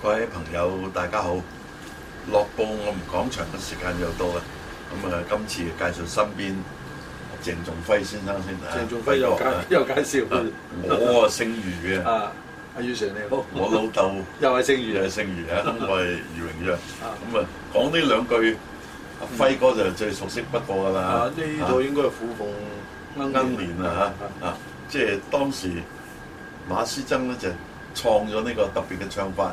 各位朋友，大家好。樂報我們講場嘅時間又多啊，咁、嗯、啊，嗯、今次介紹身邊鄭仲輝先生先啊。鄭仲輝又介紹。我啊姓余嘅。啊，阿余 Sir 你好。我老豆。又係姓余。又係姓余嚟啊！我係余榮約。咁啊，講呢兩句，阿輝哥就最熟悉不過噶啦。呢度應該係虎鳳。今年啊嚇啊，即、yeah. 係、mm hmm. like esse . popped examined okay. 當時馬思曾馬師曾咧就創咗呢個特別嘅唱法，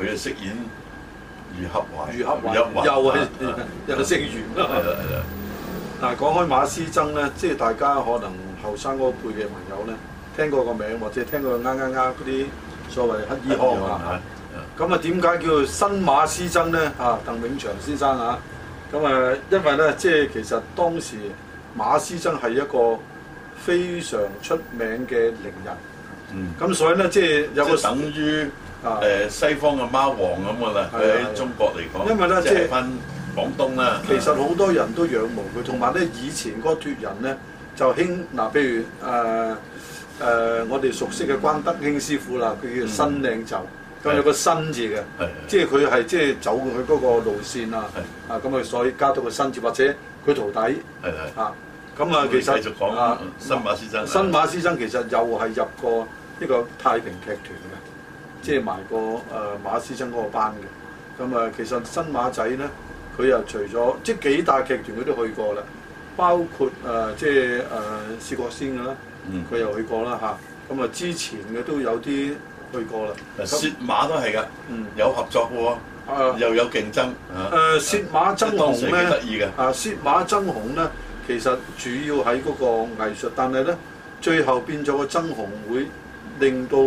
佢啊飾演余克華，又啊又啊又識演。嗱講開馬師曾咧，即係大家可能後生嗰輩嘅朋友咧，聽過個名或者聽過啱啱啱嗰啲所謂乞兒腔啊嚇。咁啊點解叫新馬師曾咧？啊，鄧永祥先生啊，咁啊因為咧即係其實當時。馬師曾係一個非常出名嘅伶人，咁所以咧，就是、即係有個等於啊誒西方嘅貓王咁噶啦喺中國嚟講。因為咧，即係分廣東啦。其實好多人都仰慕佢，同埋咧以前嗰個脫人咧就興嗱，譬如誒誒、呃呃、我哋熟悉嘅關德興師傅啦，佢叫新領袖，佢、嗯、有個新字嘅，即係佢係即係走佢嗰個路線啊，啊咁佢所以加多個新字或者。佢徒弟，係係的，嚇咁啊！其實繼續講啊，新馬師曾，啊、新馬師曾其實又係入過一個太平劇團嘅，即、就、係、是、埋過誒、呃、馬師曾嗰個班嘅。咁啊，其實新馬仔咧，佢又除咗即係幾大劇團，佢都去過啦，包括誒、呃、即係誒薛覺先嘅啦，佢、呃嗯、又去過啦嚇。咁啊，啊，之前嘅都有啲去過啦。薛、嗯、馬都係噶，嗯，有合作嘅喎。嗯又有競爭啊！誒，薛馬爭雄咧啊！薛馬爭雄咧，其實主要喺嗰個藝術，但係咧，最後變咗個爭雄會，令到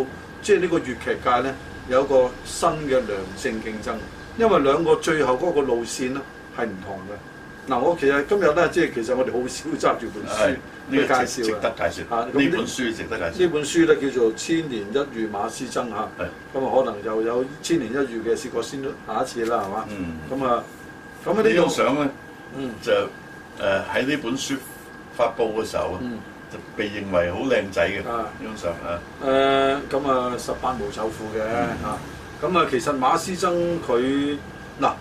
即係呢個粵劇界咧有一個新嘅良性競爭，因為兩個最後嗰個路線咧係唔同嘅。嗱，我其實今日咧，即係其實我哋好少揸住本書去介紹。呢個、值得介紹啊！呢本書值得介紹。呢本書咧叫做《千年一遇馬師曾》嚇。咁啊的，可能又有千年一遇嘅試過先下一次啦，係嘛的？嗯。咁啊，咁呢張相咧，嗯，就誒喺呢本書發布嘅時候咧，嗯、就被認為好靚仔嘅。呢張相啊。誒，咁啊，十、嗯、八、啊、無醜婦嘅嚇。咁、嗯、啊，其實馬師曾佢嗱。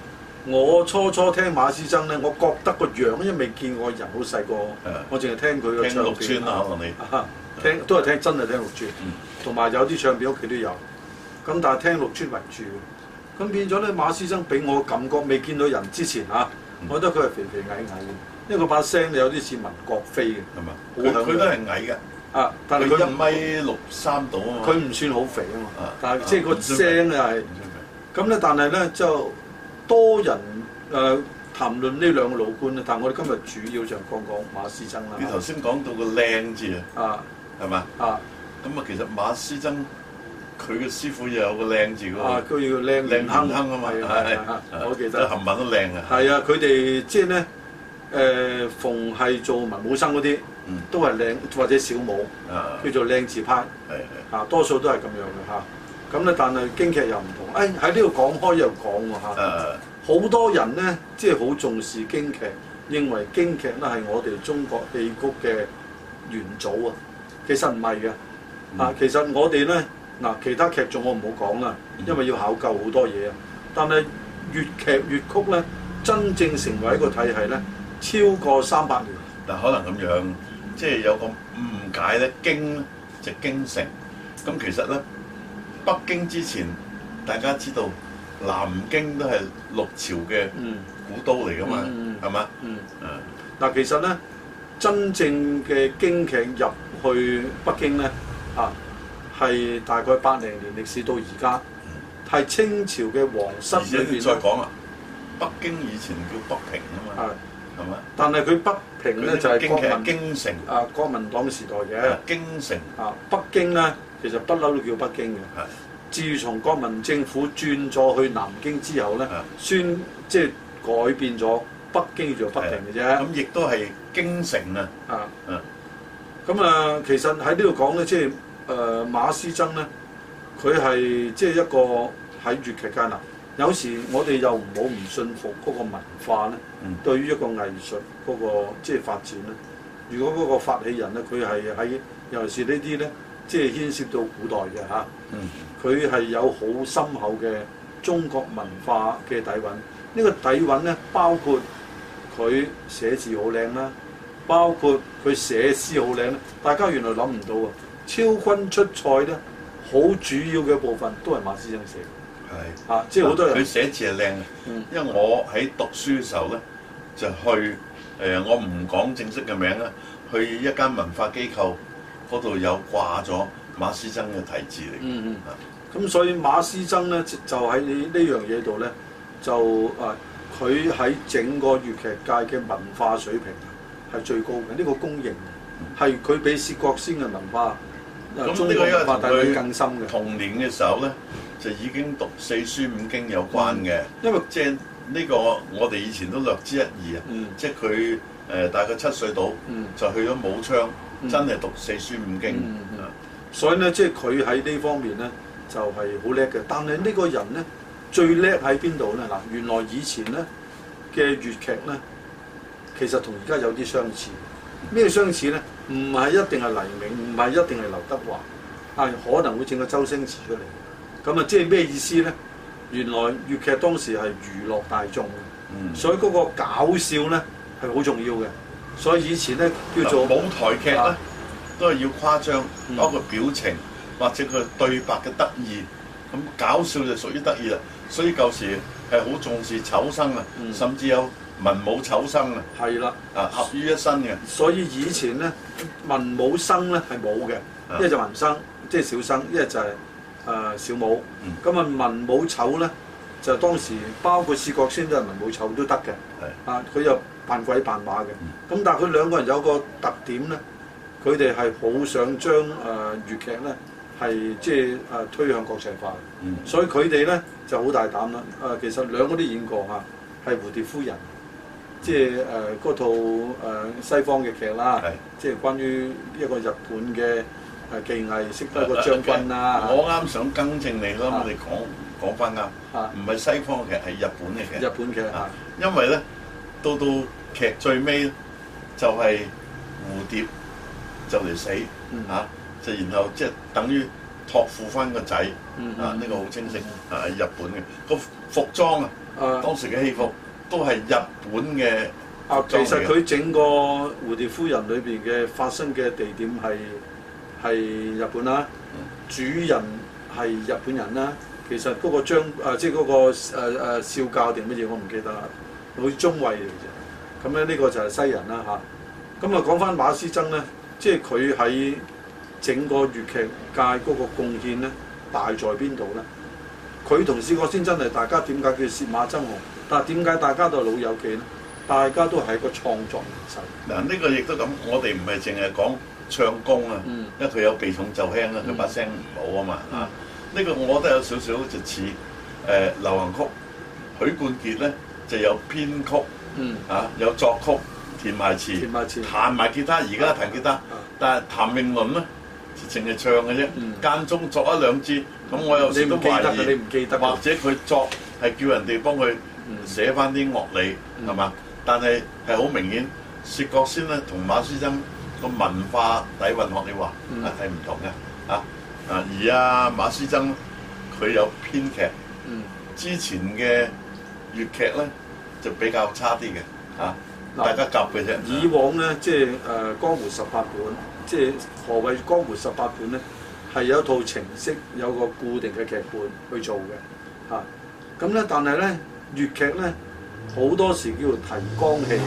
我初初聽馬師曾咧，我覺得個樣因為未見過人，好細個。我淨係聽佢嘅唱片。聽六川啊，你、嗯。聽都係聽真係聽六川，同埋有啲唱片屋企都有。咁但係聽六川為主。咁變咗咧，馬師曾俾我感覺未見到人之前啊，覺得佢係肥肥矮矮嘅。因為個把聲有啲似文國飛嘅，係嘛嗎？佢佢都係矮嘅。啊，但係佢、就是嗯 嗯、一米六三度啊。佢唔算好肥啊嘛。但係即係個聲又係。咁、嗯、咧，但係咧就多人誒談論呢兩個老官咧，但係我哋今日主要就講講馬師曾啦。你頭先講到個靚字啊，係咪？啊，咁啊其實馬師曾佢嘅師傅又有個靚字喎。啊，佢要靚靚哼哼，啊嘛，係啊，我記得。冚唪唥都靚嘅。係啊，佢哋即係咧誒，逢係做文武生嗰啲，都係靚或者小武，叫做靚字派。係啊，多數都係咁樣嘅嚇。咁咧，但係京劇又唔同，誒喺呢度講開又講喎嚇。好、uh, 多人咧，即係好重視京劇，認為京劇咧係我哋中國戲曲嘅元祖啊。其實唔係嘅，嗯、啊，其實我哋咧嗱，其他劇種我唔好講啦，嗯、因為要考究好多嘢啊。但係粵劇粵曲咧，真正成為一個體系咧，超過三百年。嗱、啊，可能咁樣即係、就是、有個誤解咧，京就京城，咁其實咧。北京之前，大家知道南京都係六朝嘅古都嚟噶嘛，係嘛？啊，但其實咧，真正嘅京劇入去北京咧，啊，係大概八零年歷史到而家，係、嗯、清朝嘅皇室裏邊再講啦。北京以前叫北平啊嘛，係嘛是？吧但係佢北平咧就係京劇京城啊，國民黨時代嘅、啊、京城啊，北京咧，其實不嬲都叫北京嘅。自從國民政府轉咗去南京之後咧，先即係改變咗北京叫做北平嘅啫。咁亦都係京城啊。啊。嗯。咁啊，其實喺、就是呃、呢度講咧，即係誒馬師曾咧，佢係即係一個喺粵劇界嗱。有時我哋又唔好唔信服嗰個文化咧，嗯、對於一個藝術嗰、那個即係、就是、發展咧。如果嗰個發起人咧，佢係喺尤其是，尤其是呢啲咧。即係牽涉到古代嘅嚇，佢、啊、係有好深厚嘅中國文化嘅底蘊。呢、這個底蘊咧，包括佢寫字好靚啦，包括佢寫詩好靚啦。大家原來諗唔到啊，昭君出塞咧，好主要嘅部分都係馬師曾寫。係是啊，即係好多人佢寫字係靚嘅，因為我喺讀書嘅時候咧，就去誒、呃，我唔講正式嘅名啦，去一間文化機構。嗰度有掛咗馬師曾嘅題字嚟嘅，咁、嗯嗯、是所以馬師曾咧就喺呢呢樣嘢度咧，就啊佢喺整個粵劇界嘅文化水平係最高嘅，呢、這個公認係佢比薛覺先嘅、嗯、文化。咁呢個因為同佢童年嘅時候咧，就已經讀四書五經有關嘅、嗯。因為正呢、這個我哋以前都略知一二啊。嗯。即係佢誒大概七歲到、嗯嗯、就去咗武昌。嗯、真係讀四書五經、嗯嗯嗯、所以咧，即係佢喺呢方面咧，就係好叻嘅。但係呢個人咧，最叻喺邊度啊？嗱，原來以前咧嘅粵劇咧，其實同而家有啲相似。咩相似咧？唔係一定係黎明，唔係一定係劉德華，係可能會整個周星馳出嚟。咁啊，即係咩意思咧？原來粵劇當時係娛樂大眾，嗯、所以嗰個搞笑咧係好重要嘅。所以以前咧叫做舞台劇咧，都係要誇張，包括表情或者佢對白嘅得意，咁搞笑就屬於得意啦。所以舊時係好重視丑生啊，甚至有文武丑生啊。係啦，啊合於一身嘅。所以以前咧文武生咧係冇嘅，一係就文生，即係小生；一係就係誒小武。咁啊文武丑咧就當時包括四角先都係文武丑都得嘅。係啊，佢又扮鬼扮馬嘅，咁但係佢兩個人有個特點咧，佢哋係好想將誒粵劇咧係即係誒推向國際化，嗯、所以佢哋咧就好大膽啦。誒其實兩個都演過嚇，係《蝴蝶夫人》，即係誒嗰套誒西方嘅劇啦，即係是關於一個日本嘅誒技藝識得個將軍啦。我啱想更正你，是我哋講講翻啱，唔係是西方嘅劇，係日本嚟嘅。日本劇，本劇是因為咧。是到到劇最尾就係蝴蝶就嚟死嚇，就是嗯啊、然後即係等於託付翻個仔、嗯嗯、啊，呢、呢個好清晰啊，日本嘅個服裝啊，當時嘅戲服都係日本嘅。其實佢整個蝴蝶夫人裏邊嘅發生嘅地點係係日本啦、啊，嗯、主人係日本人啦、啊。其實嗰個張、啊、即係、嗰、嗰個誒、啊啊、少校定乜嘢，我唔記得啦。佢中位嚟嘅，咁咧呢個就係西人啦嚇。咁啊講翻、嗯、馬師曾咧，即係佢喺整個粵劇界嗰個貢獻咧，大在邊度咧？佢同薛覺先真係大家點解叫薛馬爭雄？但係點解大家都老友記咧？大家都係一個創作型。嗱，呢個亦都咁，我哋唔係淨係講唱功啊，嗯、因為佢有避重就輕、嗯、啊，佢把聲唔好啊嘛。啊，呢、這個我覺得有少少就似誒、呃、流行曲，許冠傑咧。就有編曲，嚇，有作曲填埋詞，彈埋吉他。而家彈吉他，但係譚詠麟咧，直情係唱嘅啫。間中作一兩支，咁我有時都懷疑。你唔記得，或者佢作係叫人哋幫佢寫翻啲樂理係嘛？但係係好明顯，薛覺先咧同馬師曾個文化底藴，學你話係唔同嘅嚇。而阿馬師曾佢有編劇，之前嘅。粵劇咧就比較差啲嘅嚇，啊、大家夾嘅啫。以往咧即係誒江湖十八本，即係何謂江湖十八本咧？係有一套程式，有個固定嘅劇本去做嘅嚇。咁啊咧，但係咧粵劇咧好多時叫做提綱戲。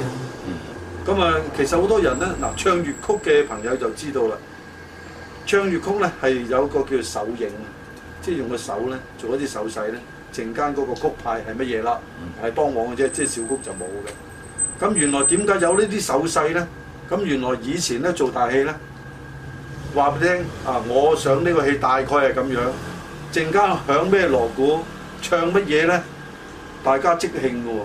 咁啊、嗯，其實好多人咧嗱，唱粵曲嘅朋友就知道啦。唱粵曲咧係有一個叫做手影，即係用個手咧做一啲手勢咧。陣間嗰個曲派係乜嘢啦？係、嗯、梆黃嘅啫，即、就、係、是、小曲就冇嘅。咁原來點解有呢啲手勢咧？咁原來以前咧做大戲咧，話俾你聽啊！我想呢個戲大概係咁樣，陣間響咩鑼鼓，唱乜嘢咧？大家即興嘅喎，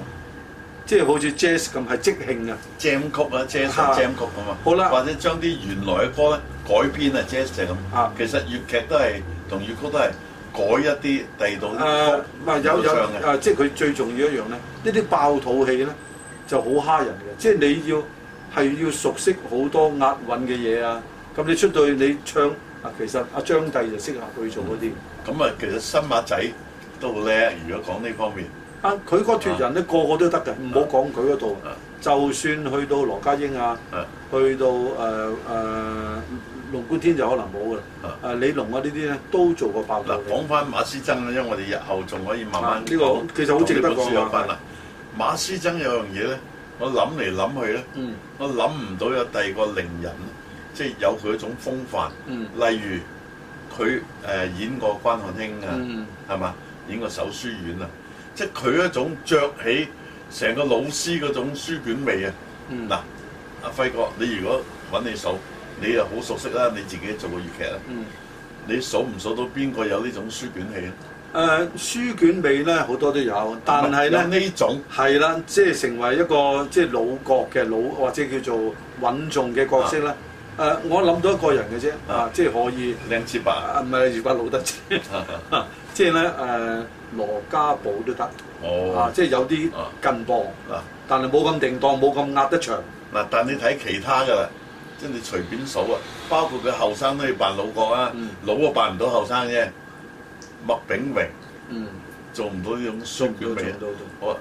即、就、係、是、好似 jazz 咁，係即興嘅、啊、正曲啊正 a z z 曲啊嘛。啊啊好啦吧，或者將啲原來嘅歌咧改編啊，jazz 咁。Jam, 吧啊、其實粵劇都係同粵曲都係。改一啲地道嘅、呃，誒唔係有有誒、呃，即係佢最重要一樣咧，呢啲爆肚戲咧就好蝦人嘅，即係你要係要熟悉好多押韻嘅嘢啊，咁你出到去你唱啊，其實阿張帝就適合去做嗰啲。咁啊、嗯嗯嗯，其實新馬仔都好叻，如果講呢方面。啊、嗯，佢嗰撮人咧個個都得嘅，唔好講佢嗰度。嗯嗯、就算去到羅家英啊，去到誒誒。嗯嗯嗯嗯龍貫天就可能冇噶啦。啊，李龍啊呢啲咧都做過爆。嗱，講翻馬師曾咧，因為我哋日後仲可以慢慢呢、啊這個。其實好值得講啊。馬師曾有樣嘢咧，我諗嚟諗去咧，嗯、我諗唔到有第二個伶人即係、就是、有佢一種風範。嗯、例如佢誒演過關漢卿啊，係嘛、嗯？演過《搜書院》啊，即係佢一種着起成個老師嗰種書卷味啊。嗱、啊，阿輝哥，你如果揾你數？你又好熟悉啦，你自己做過粵劇啦。嗯。你數唔數到邊個有呢種書卷氣？誒、呃，書卷味咧好多都有，但係咧呢種係啦，即係成為一個即係老國嘅老或者叫做穩重嘅角色啦。誒、啊呃，我諗到一個人嘅啫啊，啊，即係可以。靚次伯。啊，唔係如果老得字、啊啊。即係咧誒，羅家寶都得。哦。啊，即係有啲根當。啊。但係冇咁定當，冇咁壓得場。嗱，但你睇其他嘅。即係你隨便數啊，包括佢後生都要扮老角啊，老啊扮唔到後生啫。麥炳榮，嗯，做唔到呢種衰面，我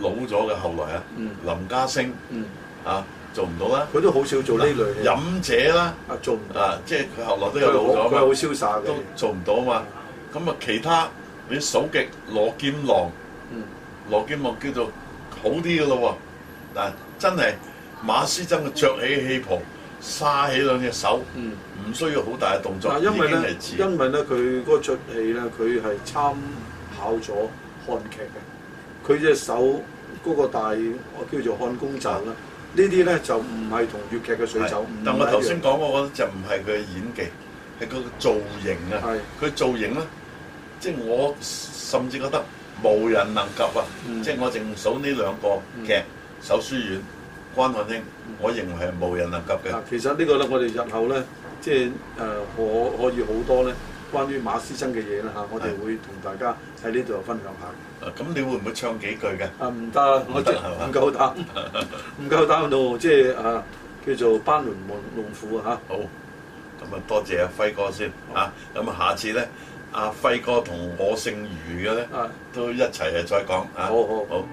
老咗嘅後來啊，林家聲，嗯，啊做唔到啦，佢都好少做呢類飲者啦，啊做唔，啊即係佢後來都有老咗咩？佢好佢好瀟灑嘅，都做唔到啊嘛。咁啊，其他你數極羅劍郎，嗯，羅劍郎叫做好啲嘅咯喎，嗱真係馬師曾嘅著起戲袍。沙起兩隻手，唔、嗯、需要好大嘅動作。因為咧，因為咧，佢嗰出戲咧，佢係參考咗漢劇嘅。佢隻手嗰、那個大，我叫做漢宮肘啦。呢啲咧就唔係同粵劇嘅水袖。是但我頭先講嗰個就唔係佢嘅演技，係佢造型啊。佢是造型咧，即、就、係、是、我甚至覺得冇人能及啊！即係、嗯、我淨數呢兩個劇《嗯、搜書院》。關我聽，我認為係冇人能及嘅。其實呢個咧，我哋日後咧，即係誒可可以好多咧，關於馬師曾嘅嘢啦嚇，我哋會同大家喺呢度分享下。咁、啊、你會唔會唱幾句嘅、啊？啊，唔得，我唔夠膽，唔夠膽到即係誒叫做班門弄弄斧嚇。好，咁啊多謝阿輝哥先嚇，咁啊下次咧，阿輝哥同我姓余嘅咧，都一齊再講嚇。好好好。好